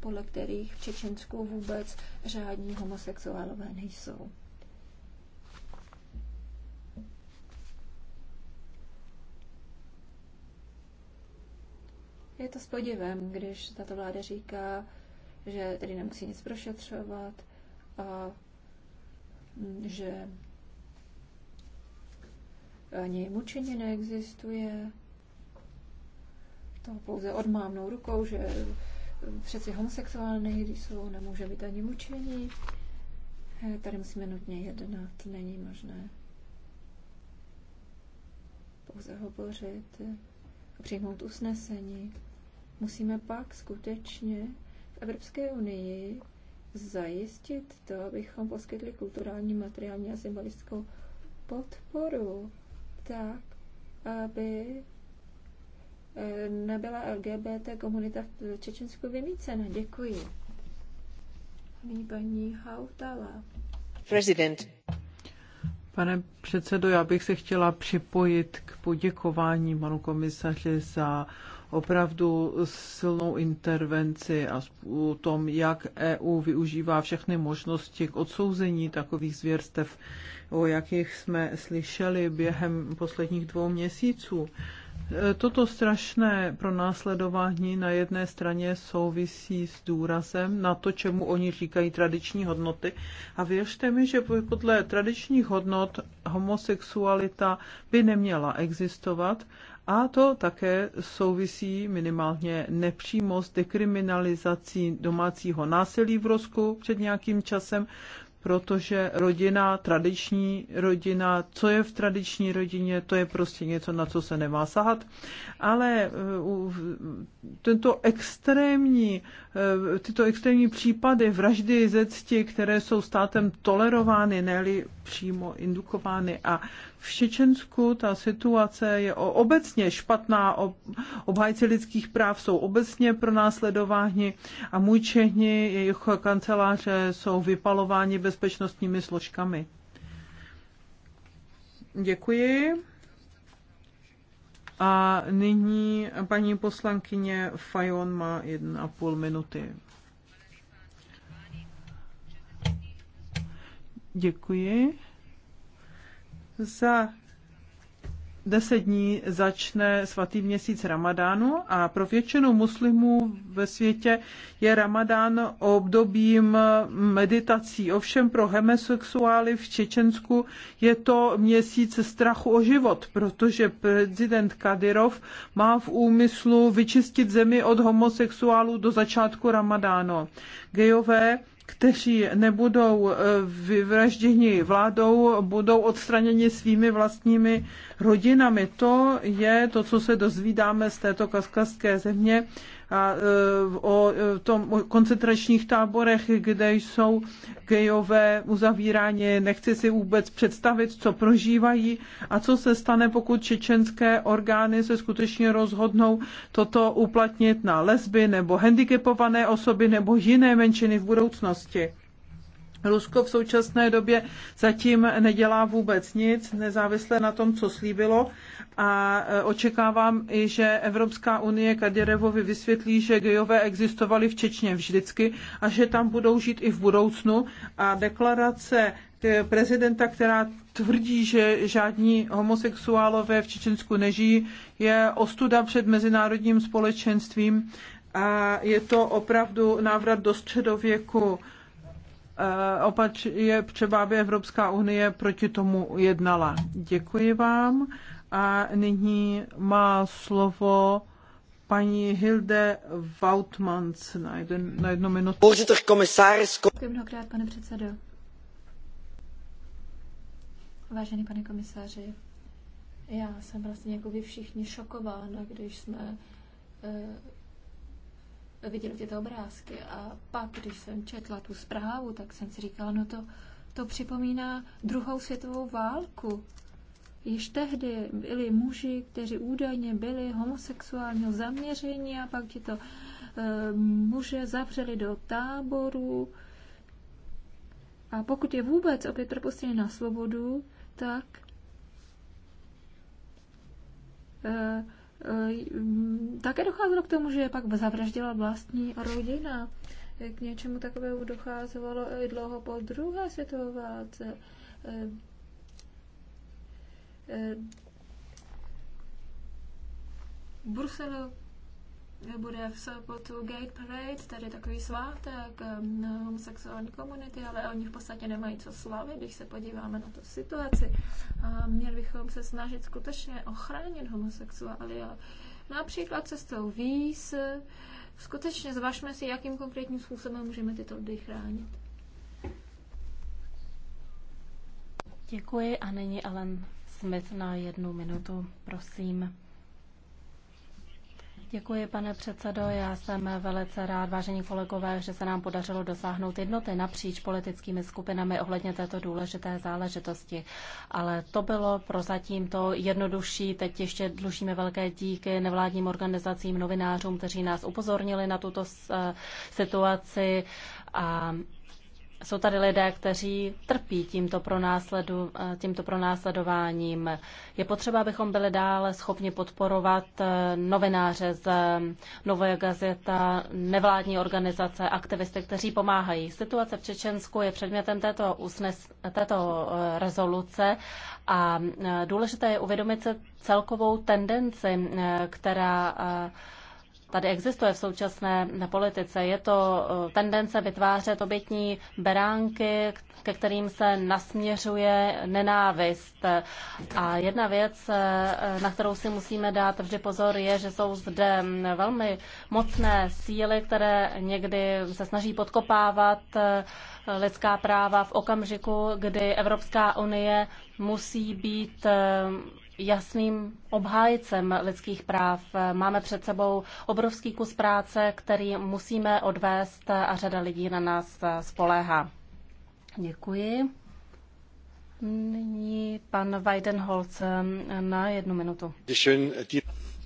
podle kterých v Čečensku vůbec žádní homosexuálové nejsou. Je to s podivem, když tato vláda říká, že tedy nemusí nic prošetřovat a mm, že ani mučení neexistuje. To pouze odmávnou rukou, že přeci homosexuální jsou, nemůže být ani mučení. Eh, tady musíme nutně jednat, není možné pouze hovořit a eh, přijmout usnesení. Musíme pak skutečně v Evropské unii zajistit to, abychom poskytli kulturální, materiální a symbolickou podporu tak, aby eh, nebyla LGBT komunita v Čečensku vymícena. Děkuji. Nyní paní Hautala. President. Pane předsedo, já bych se chtěla připojit k poděkování panu komisaři za opravdu silnou intervenci a o tom, jak EU využívá všechny možnosti k odsouzení takových zvěrstev, o jakých jsme slyšeli během posledních dvou měsíců. E, toto strašné pronásledování na jedné straně souvisí s důrazem na to, čemu oni říkají tradiční hodnoty. A věřte mi, že podle tradičních hodnot homosexualita by neměla existovat a to také souvisí minimálně nepřímo s dekriminalizací domácího násilí v Rusku před nějakým časem, protože rodina, tradiční rodina, co je v tradiční rodině, to je prostě něco, na co se nemá sahat. Ale eh, tento extrémní, eh, tyto extrémní případy vraždy ze cti, které jsou státem tolerovány, ne přímo indukovány a v Čečensku ta situace je obecně špatná, obhájci lidských práv jsou obecně pronásledováni a můj Čehni, jejich kanceláře jsou vypalováni bezpečnostními složkami. Děkuji. A nyní paní poslankyně Fajon má 1,5 minuty. Děkuji. Za deset dní začne svatý měsíc Ramadánu a pro většinu muslimů ve světě je Ramadán obdobím meditací. Ovšem pro homosexuály v Čečensku je to měsíc strachu o život, protože prezident Kadyrov má v úmyslu vyčistit zemi od homosexuálů do začátku Ramadánu. Gejové kteří nebudou eh, vyvražděni vládou, budou odstraněni svými vlastními rodinami. To je to, co se dozvídáme z této kaskadské země a, e, o e, tom o koncentračních táborech, kde jsou gejové uzavíráně, Nechci si vůbec představit, co prožívají a co se stane, pokud čečenské orgány se skutečně rozhodnou toto uplatnit na lesby nebo handicapované osoby nebo jiné menšiny v budoucnosti. Rusko v současné době zatím nedělá vůbec nic, nezávisle na tom, co slíbilo. A e, očekávám i, že Evropská unie Kadirevovi vysvětlí, že gejové existovali v Čečně vždycky a že tam budou žít i v budoucnu. A deklarace e, prezidenta, která tvrdí, že žádní homosexuálové v Čečensku nežijí, je ostuda před mezinárodním společenstvím a je to opravdu návrat do středověku. Eh, opač je třeba, aby Evropská unie proti tomu jednala. Děkuji vám a nyní má slovo paní Hilde Wautmans. na, jeden, na jednu minutu. Voorzitter, commissaris... Děkuji mnohokrát, pane předsedo. Vážený pane komisáři, já jsem vlastně jako vy všichni šokována, když jsme eh, viděli tyto obrázky. A pak, když jsem četla tu zprávu, tak jsem si říkala, no to, to připomíná druhou světovou válku. Již tehdy byli muži, kteří údajně byli homosexuálního zaměření a pak tito e, muže zavřeli do táboru. A pokud je vůbec opět propustili na svobodu, tak e, Eh, také docházelo k tomu, že pak zavraždila vlastní rodina. K něčemu takovému docházelo i dlouho po druhé světové válce. Eh, eh, Bruselu bude v sobotu Gate Parade, tady takový svátek um, homosexuální komunity, ale oni v podstatě nemají co slavit, když se podíváme na tu situaci. A měli bychom se snažit skutečně ochránit homosexuály. Například cestou víz. Skutečně zvažme si, jakým konkrétním způsobem můžeme tyto lidi chránit. Děkuji a nyní Alan Smith na jednu minutu, prosím. Děkuji, pane předsedo. Já jsem velice rád, vážení kolegové, že se nám podařilo dosáhnout jednoty napříč politickými skupinami ohledně této důležité záležitosti. Ale to bylo prozatím to jednodušší. Teď ještě dlužíme velké díky nevládním organizacím, novinářům, kteří nás upozornili na tuto eh, situaci a jsou tady lidé, kteří trpí tímto, pronásledu, eh, tímto pronásledováním. Je potřeba, abychom byli dále schopni podporovat eh, novináře z eh, Nové gazeta, nevládní organizace, aktivisty, kteří pomáhají. Situace v Čečensku je předmětem této, usnes, této rezoluce a důležité je uvědomit se celkovou tendenci, která tady existuje v současné politice. Je to eh, tendence vytvářet obětní beránky, ke kterým se nasměřuje nenávist. A jedna věc, eh, na kterou si musíme dát vždy pozor, je, že jsou zde velmi mocné síly, které někdy se snaží podkopávat eh, lidská práva v okamžiku, kdy Evropská unie musí být jasným obhájcem lidských práv. Máme před sebou obrovský kus práce, který musíme odvést a řada lidí na nás spoléhá. Děkuji. Nyní pan Weidenholz na jednu minutu.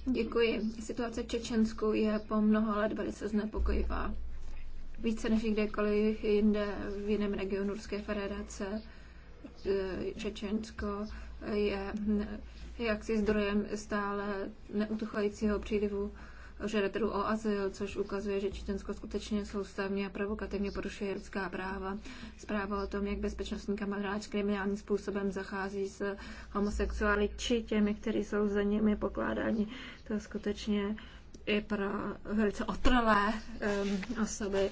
Děkuji. Situace v Čečensku je po mnoho let velice znepokojivá. Více než kdekoliv jinde v jiném regionu Ruské federace Čečensko eh, je jaksi zdrojem stále neutuchajícího přílivu žadatelů o azyl, což ukazuje, že Čečensko skutečně soustavně a provokativně porušuje lidská práva. Zpráva o tom, jak bezpečnostní kamaráč kriminálním způsobem zachází s homosexuály či těmi, kteří jsou za nimi pokládáni, to je skutečně i pro velice otrlé um, osoby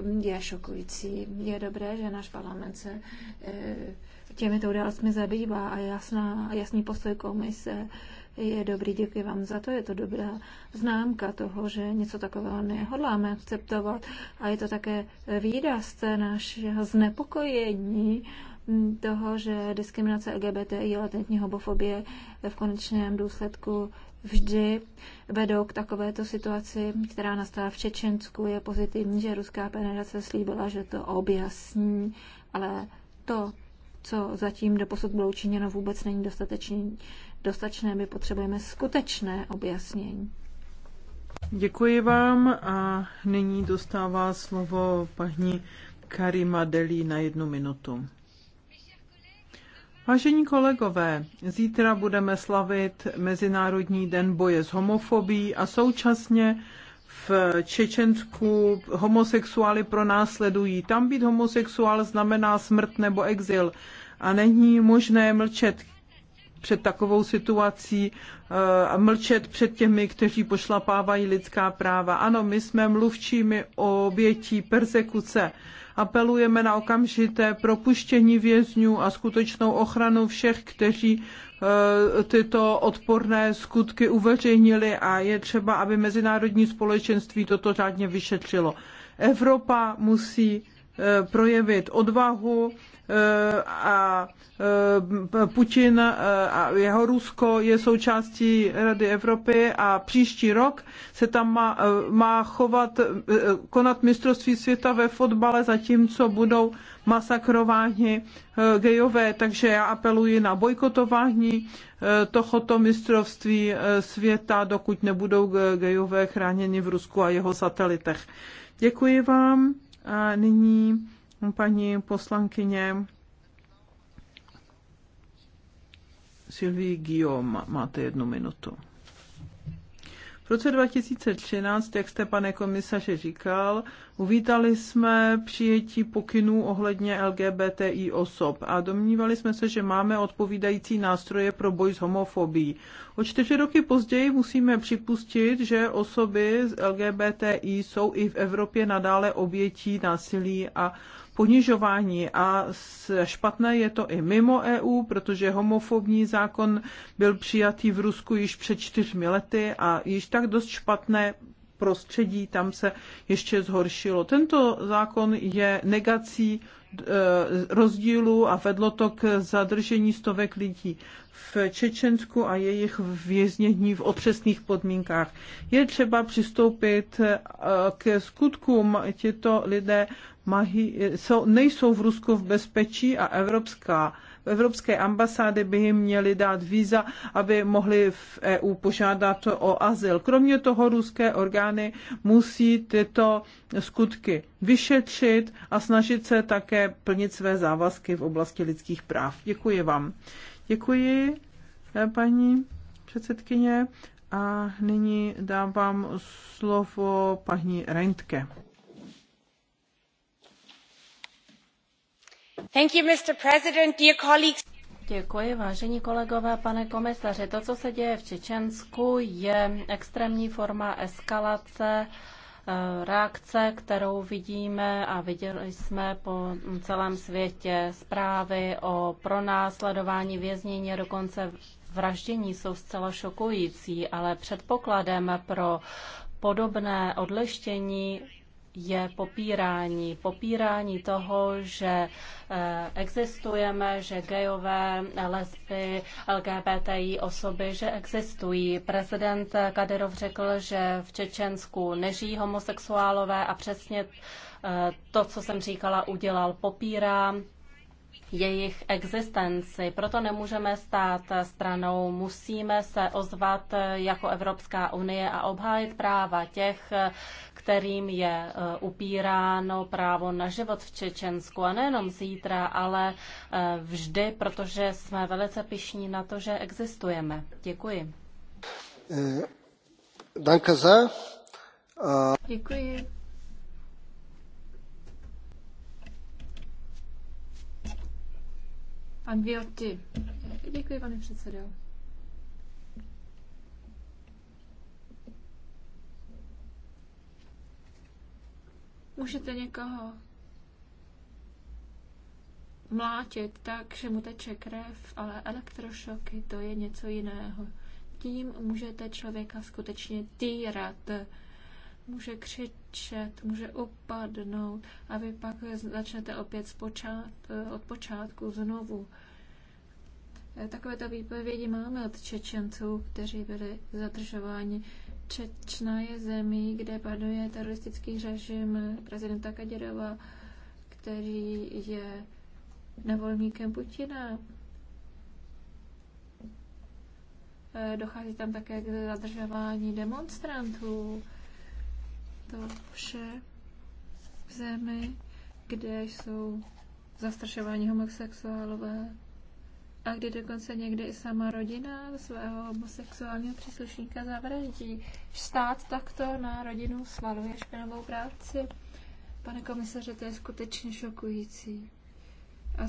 um, je šokující. Je dobré, že náš parlament se uh, těmito událostmi zabývá a jasná, jasný postoj komise je dobrý, děkuji vám za to, je to dobrá známka toho, že něco takového nehodláme akceptovat a je to také výraz našeho znepokojení mm, toho, že diskriminace LGBT i latentní homofobie v konečném důsledku vždy vedou k takovéto situaci, která nastala v Čečensku. Je pozitivní, že ruská federace slíbila, že to objasní, ale to, co zatím do posud bylo učiněno, vůbec není dostatečný, dostatečné. My potřebujeme skutečné objasnění. Děkuji vám a nyní dostává slovo paní Karima Delí na jednu minutu. Vážení kolegové, zítra budeme slavit Mezinárodní den boje s homofobí a současně v Čečensku homosexuály pronásledují. Tam být homosexuál znamená smrt nebo exil a není možné mlčet před takovou situací eh, a mlčet před těmi, kteří pošlapávají lidská práva. Ano, my jsme mluvčími o obětí persekuce Apelujeme na okamžité propuštění vězňů a skutečnou ochranu všech, kteří eh, tyto odporné skutky uveřejnili a je třeba, aby mezinárodní společenství toto řádně vyšetřilo. Evropa musí eh, projevit odvahu a e, Putin a jeho Rusko je součástí Rady Evropy a příští rok se tam má, má chovat, e, konat mistrovství světa ve fotbale, zatímco budou masakrováni e, gejové, takže já apeluji na bojkotování tohoto mistrovství světa, dokud nebudou gejové chráněni v Rusku a jeho satelitech. Děkuji vám a nyní paní poslankyně Sylvie Guillaume. Máte jednu minutu. V roce 2013, jak jste, pane komisaře, říkal, uvítali jsme přijetí pokynů ohledně LGBTI osob a domnívali jsme se, že máme odpovídající nástroje pro boj s homofobí. O čtyři roky později musíme připustit, že osoby z LGBTI jsou i v Evropě nadále obětí násilí a ponižování a špatné je to i mimo EU, protože homofobní zákon byl přijatý v Rusku již před čtyřmi lety a již tak dost špatné prostředí tam se ještě zhoršilo. Tento zákon je negací e, rozdílu a vedlo to k zadržení stovek lidí v Čečensku a jejich věznění v otřesných podmínkách. Je třeba přistoupit ke skutkům. Tito lidé mají, jsou, nejsou v Rusku v bezpečí a evropská evropské ambasády by jim měly dát víza, aby mohli v EU požádat o azyl. Kromě toho ruské orgány musí tyto skutky vyšetřit a snažit se také plnit své závazky v oblasti lidských práv. Děkuji vám. Děkuji, eh, paní předsedkyně. A nyní dávám slovo paní Reintke. Děkuji, vážení kolegové, pane komisaři. To, co se děje v Čečensku, je extrémní forma eskalace eh, reakce, kterou vidíme a viděli jsme po celém světě. Zprávy o pronásledování věznění, dokonce vraždění jsou zcela šokující, ale předpokladem pro podobné odleštění je popírání. Popírání toho, že eh, existujeme, že gejové, lesby, LGBTI osoby, že existují. Prezident kaderov řekl, že v Čečensku nežijí homosexuálové a přesně eh, to, co jsem říkala, udělal. Popírá jejich existenci. Proto nemůžeme stát stranou, musíme se ozvat jako Evropská unie a obhájit práva těch, kterým je eh, upíráno právo na život v Čečensku. A nejenom zítra, ale eh, vždy, protože jsme velice pišní na to, že existujeme. Děkuji. za. Eh, Děkuji. Pan Viotti. Děkuji, pane předsedo. Můžete někoho mlátit tak, že mu teče krev, ale elektrošoky to je něco jiného. Tím můžete člověka skutečně týrat. Může křičet účet může upadnout a vy pak začnete opět počát, eh, od počátku znovu. Eh, takovéto výpovědi máme od Čečenců, kteří byli zadržováni. Čečna je zemí, kde panuje teroristický režim prezidenta Kaděrova, který je nevolníkem Putina. Eh, dochází tam také k zadržování demonstrantů to vše v zemi, kde jsou zastrašování homosexuálové a kdy dokonce někdy i sama rodina svého homosexuálního příslušníka zavraždí. Stát takto na rodinu svaluje špinavou práci. Pane komisaře, to je skutečně šokující. A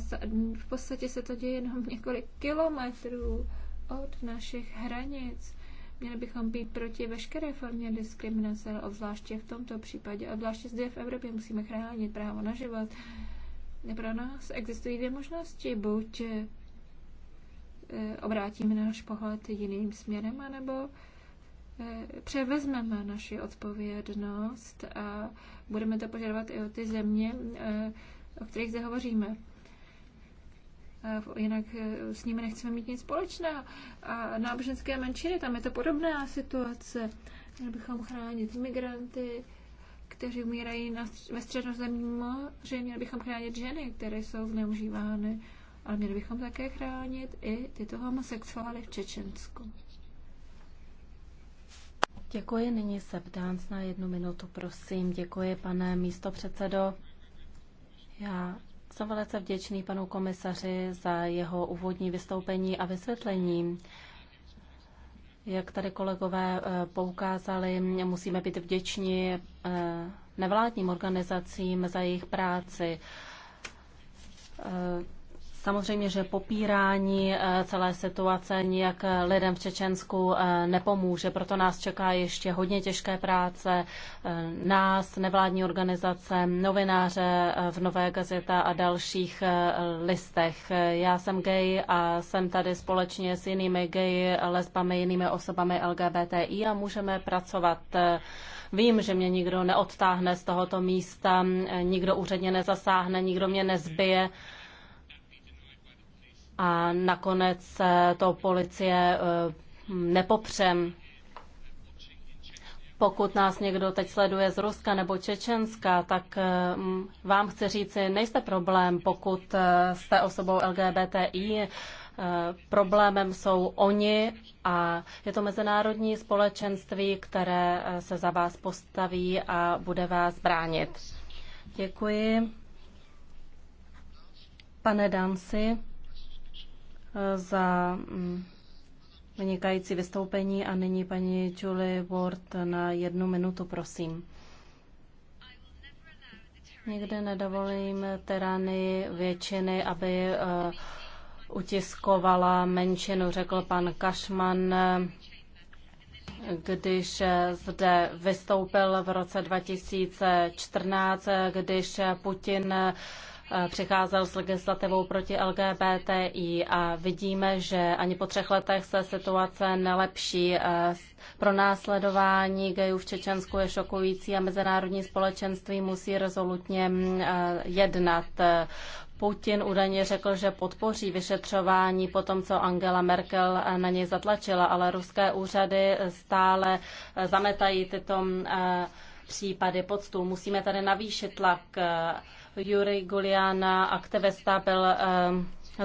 v podstatě se to děje jenom několik kilometrů od našich hranic. Měli bychom být proti veškeré formě diskriminace, obzvláště v tomto případě, obzvláště zde v Evropě musíme chránit právo na život. Pro nás existují dvě možnosti. Buď eh, obrátíme náš pohled jiným směrem, anebo eh, převezmeme naši odpovědnost a budeme to požadovat i o ty země, eh, o kterých zde hovoříme. Eh, jinak eh, s nimi nechceme mít nic společného. A náboženské menšiny, tam je to podobná situace. Měli bychom chránit migranty, kteří umírají na, ve středozemním moři, měli bychom chránit ženy, které jsou zneužívány, ale měli bychom také chránit i tyto homosexuály v Čečensku. Děkuji, nyní se ptám na jednu minutu, prosím. Děkuji, pane místopředsedo. Já jsem velice vděčný panu komisaři za jeho úvodní vystoupení a vysvětlení. Jak tady kolegové eh, poukázali, musíme být vděční eh, nevládním organizacím za jejich práci eh, Samozřejmě, že popírání eh, celé situace nijak eh, lidem v Čečensku eh, nepomůže, proto nás čeká ještě hodně těžké práce, nás, nevládní organizace, novináře v Nové gazeta a dalších listech. Já jsem gay a jsem tady společně s jinými gay, lesbami, jinými osobami LGBTI a můžeme pracovat Vím, že mě nikdo neodtáhne z tohoto místa, nikdo úředně nezasáhne, nikdo mě nezbije a nakonec eh, to policie eh, nepopřem. Pokud nás někdo teď sleduje z Ruska nebo Čečenska, tak eh, vám chci říci, nejste problém, pokud jste osobou LGBTI. Problémem jsou oni a je to mezinárodní společenství, které se za vás postaví a bude vás bránit. Děkuji. Pane Dansi za mm, vynikající vystoupení a nyní paní Julie Ward na jednu minutu, prosím. Nikdy nedovolím terány většiny, aby eh, utiskovala menšinu, řekl pan Kašman, když zde vystoupil v roce 2014, když Putin přicházel s legislativou proti LGBTI a vidíme, že ani po třech letech se situace nelepší. Eh, pro následování gejů v Čečensku je šokující a mezinárodní společenství musí rezolutně mm, eh, jednat. Putin údajně řekl, že podpoří vyšetřování po tom, co Angela Merkel eh, na něj zatlačila, ale ruské úřady stále zametají tyto mm, případy stůl. Musíme tady navýšit tlak. Jury Guliana, aktivista, byl eh,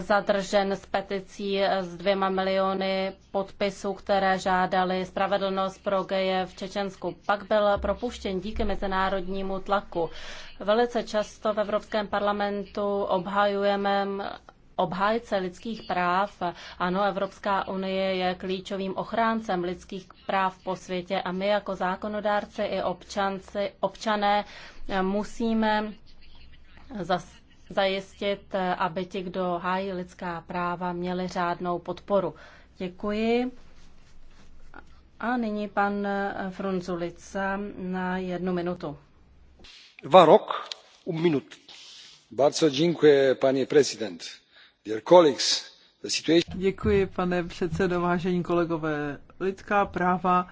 zadržen s peticí eh, s dvěma miliony podpisů, které žádali spravedlnost pro geje v Čečensku. Pak byl propuštěn díky mezinárodnímu tlaku. Velice často v Evropském parlamentu obhajujeme obhájce lidských práv. Ano, Evropská unie je klíčovým ochráncem lidských práv po světě a my jako zákonodárci i občanci, občané eh, musíme zas, zajistit, eh, aby ti, kdo hájí lidská práva, měli řádnou podporu. Děkuji. A nyní pan eh, Frunzulica na jednu minutu. Dva rok, u um minut. Bardzo dziękuję, panie prezydent Děkuji, pane předsedo, vážení kolegové. Lidská práva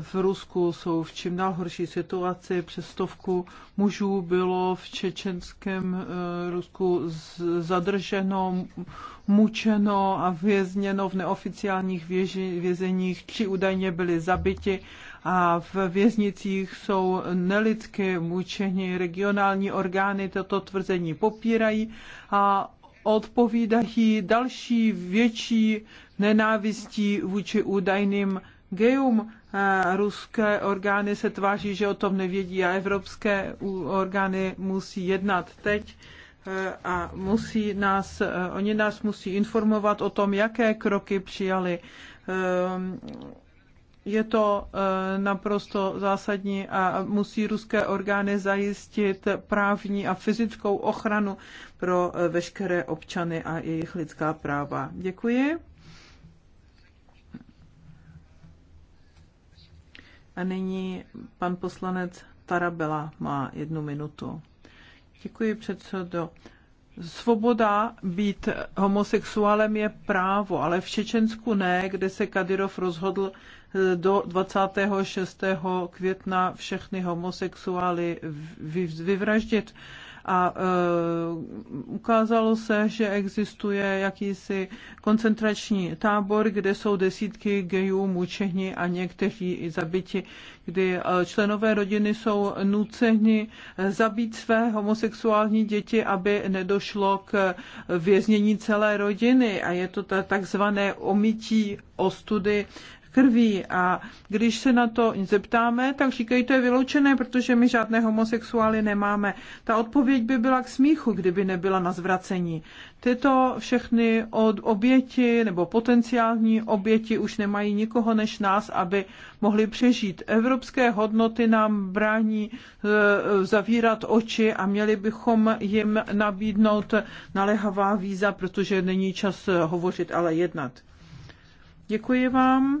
v Rusku jsou v čím dál horší situaci. Přes stovku mužů bylo v čečenském eh, Rusku zadrženo, mučeno a vězněno v neoficiálních vězeních. Tři údajně byli zabiti a v věznicích jsou nelidsky mučeni. Regionální orgány toto tvrzení popírají a odpovídají další větší nenávistí vůči údajným gejům. Ruské orgány se tváří, že o tom nevědí a evropské orgány musí jednat teď e, a musí nás, e, oni nás musí informovat o tom, jaké kroky přijali ehm, je to eh, naprosto zásadní a musí ruské orgány zajistit právní a fyzickou ochranu pro eh, veškeré občany a jejich lidská práva. Děkuji. A nyní pan poslanec Tarabela má jednu minutu. Děkuji předsedo. Svoboda být homosexuálem je právo, ale v Čečensku ne, kde se Kadyrov rozhodl eh, do 26. května všechny homosexuály vyvraždit a e, ukázalo se, že existuje jakýsi koncentrační tábor, kde jsou desítky gejů mučeni a někteří i zabiti, kdy e, členové rodiny jsou nuceni zabít své homosexuální děti, aby nedošlo k věznění celé rodiny a je to takzvané omytí ostudy krví. A když se na to zeptáme, tak říkají, to je vyloučené, protože my žádné homosexuály nemáme. Ta odpověď by byla k smíchu, kdyby nebyla na zvracení. Tyto všechny od oběti nebo potenciální oběti už nemají nikoho než nás, aby mohli přežít. Evropské hodnoty nám brání e, zavírat oči a měli bychom jim nabídnout naléhavá víza, protože není čas hovořit, ale jednat. Děkuji vám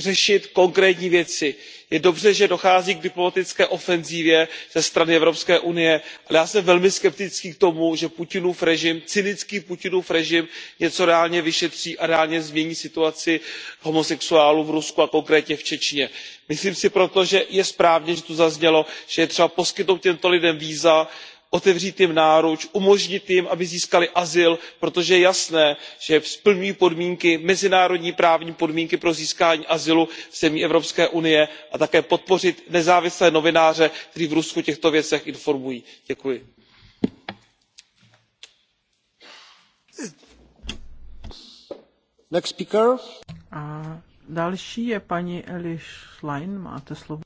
řešit konkrétní věci. je dobře že dochází k diplomatické ofenzivě ze strany evropské unie ale já jsem velmi skeptický k tomu že putinův režim cynický putinův režim něco reálně vyšetří a reálně změní situaci homosexuálů v rusku a konkrétně v čečně. myslím si proto že je správně že zde zaznělo že je třeba poskytnout těmto lidem víza otevřít jim náruč umožnit jim aby získali azyl protože je jasné že splňují podmínky mezinárodní právní podmínky pro získání azylu v zemích evropské unie a také podpořit nezávislé novináře kteří v rusku o těchto věcech informují. děkuji. další je paní slovo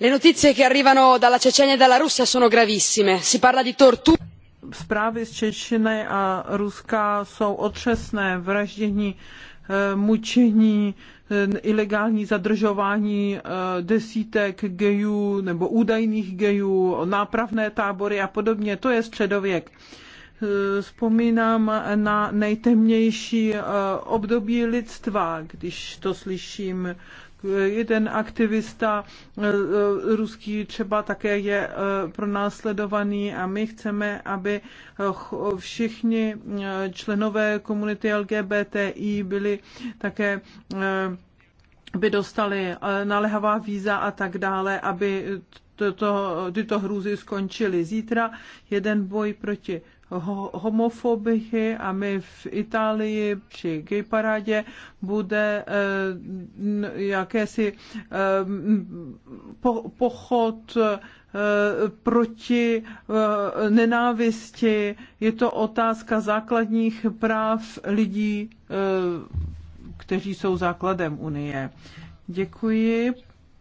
le notizie che arrivano dalla cecenia e dalla russia sono gravissime si parla di torture. zprávy z a Ruska jsou otřesné, vraždění, eh, mučení, eh, ilegální zadržování eh, desítek gejů nebo údajných gejů, nápravné tábory a podobně. To je středověk. Vzpomínám na nejtemnější období lidstva, když to slyším jeden aktivista eh, eh, ruský třeba také je eh, pronásledovaný a my chceme, aby všichni členové komunity LGBTI byli také by dostali nalehavá víza a tak dále, aby tyto, tyto hrůzy skončily. Zítra jeden boj proti homofobii a my v Itálii při gay parádě bude eh, jakési eh, pochod eh, proti nenávisti. Je to otázka základních práv lidí, kteří jsou základem Unie. Děkuji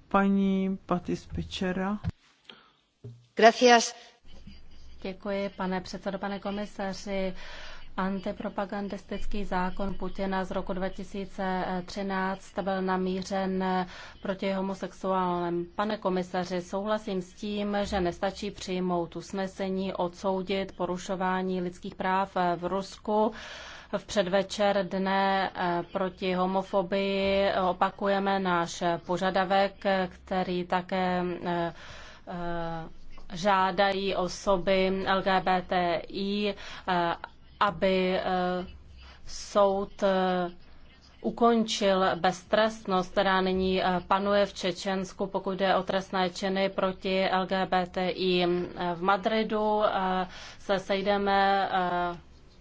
paní Patis Pečera. Gracias Děkuji, pane předsedo, pane komisaři. Antipropagandistický zákon Putina z roku 2013 byl namířen proti homosexuálem. Pane komisaři, souhlasím s tím, že nestačí přijmout usnesení, odsoudit porušování lidských práv v Rusku v předvečer dne eh, proti homofobii opakujeme náš požadavek, který také eh, eh, žádají osoby LGBTI, eh, aby eh, soud eh, ukončil beztrestnost, která nyní panuje v Čečensku, pokud je o trestné činy proti LGBTI. V Madridu se sejdeme,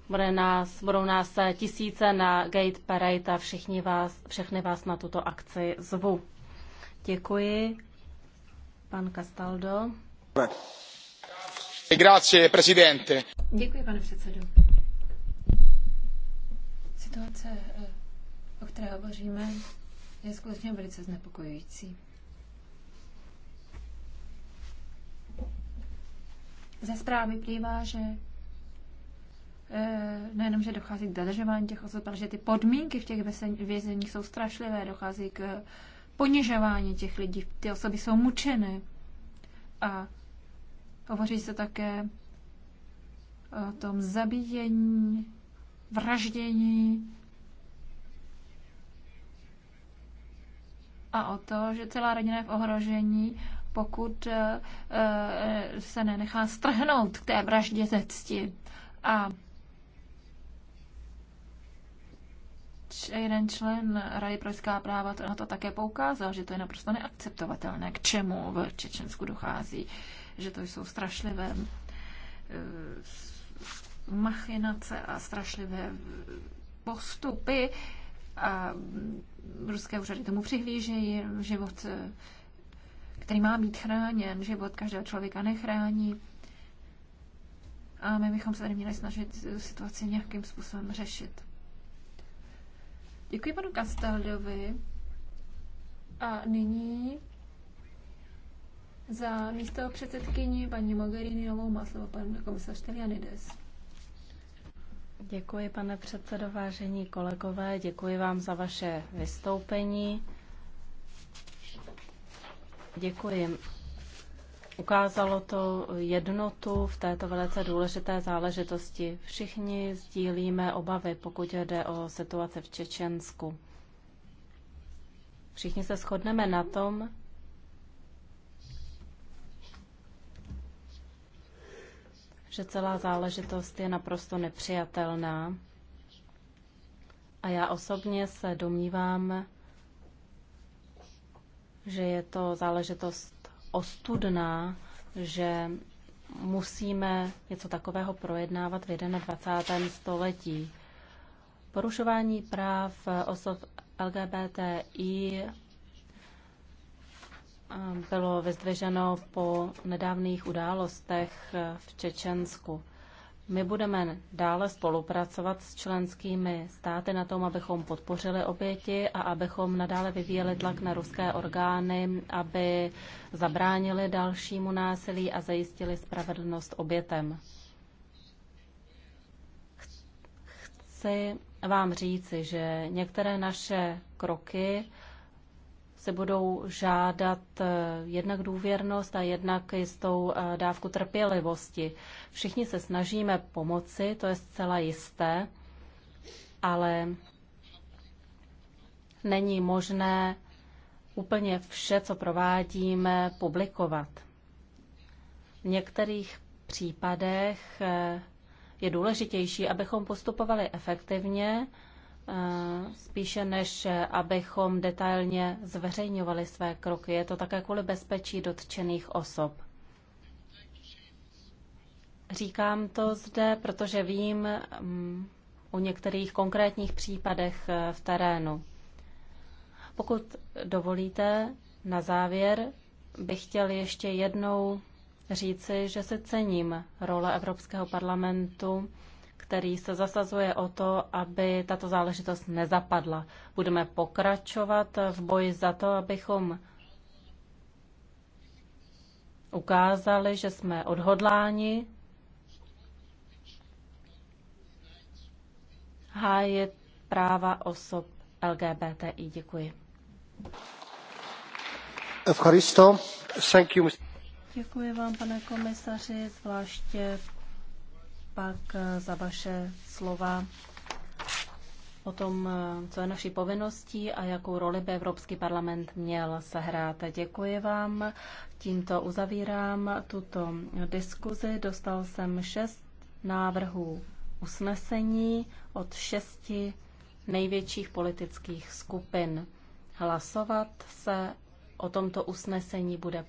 bude nás, budou nás tisíce na Gate Parade a všichni vás, všechny vás na tuto akci zvu. Děkuji. Pan Castaldo. Děkuji, pane předsedající. Situace, eh, o které hovoříme, je skutečně velice znepokojující. Ze zprávy plývá, že eh, nejenom, že dochází k zadržování těch osob, ale že ty podmínky v těch vězeních jsou strašlivé, dochází k ponižování těch lidí, ty osoby jsou mučeny. A Hovoří se také o tom zabíjení, vraždění a o to, že celá rodina je v ohrožení, pokud eh, eh, se nenechá strhnout k té vraždě ze cti. A jeden člen Rady pro lidská práva na to také poukázal, že to je naprosto neakceptovatelné, k čemu v Čečensku dochází že to jsou strašlivé eh, machinace a strašlivé postupy. A ruské úřady tomu přihlížejí, život, eh, který má být chráněn, život každého člověka nechrání. A my bychom se tady měli snažit situaci nějakým způsobem řešit. Děkuji panu Castaldovi. A nyní za místo předsedkyni paní Mogheriniovou má slovo pan komisař Telianides. Děkuji, pane předsedo, vážení kolegové, děkuji vám za vaše vystoupení. Děkuji. Ukázalo to jednotu v této velice důležité záležitosti. Všichni sdílíme obavy, pokud jde o situaci v Čečensku. Všichni se shodneme na tom, že celá záležitost je naprosto nepřijatelná. A já osobně se domnívám, že je to záležitost ostudná, že musíme něco takového projednávat v 21. století. Porušování práv osob LGBTI bylo vyzdviženo po nedávných událostech v Čečensku. My budeme dále spolupracovat s členskými státy na tom, abychom podpořili oběti a abychom nadále vyvíjeli tlak na ruské orgány, aby zabránili dalšímu násilí a zajistili spravedlnost obětem. Chci vám říci, že některé naše kroky si budou žádat eh, jednak důvěrnost a jednak jistou eh, dávku trpělivosti. Všichni se snažíme pomoci, to je zcela jisté, ale není možné úplně vše, co provádíme, publikovat. V některých případech eh, je důležitější, abychom postupovali efektivně, Eh, spíše než eh, abychom detailně zveřejňovali své kroky. Je to také kvůli bezpečí dotčených osob. Říkám to zde, protože vím mm, o některých konkrétních případech eh, v terénu. Pokud dovolíte, na závěr bych chtěl ještě jednou říci, že se cením role Evropského parlamentu který se zasazuje o to, aby tato záležitost nezapadla. Budeme pokračovat v boji za to, abychom ukázali, že jsme odhodláni hájit práva osob LGBTI. Děkuji. Děkuji vám, pane komisaři, zvláště pak eh, za vaše slova o tom, eh, co je naší povinností a jakou roli by Evropský parlament měl sehrát. Děkuji vám. Tímto uzavírám tuto diskuzi. Dostal jsem šest návrhů usnesení od šesti největších politických skupin. Hlasovat se o tomto usnesení bude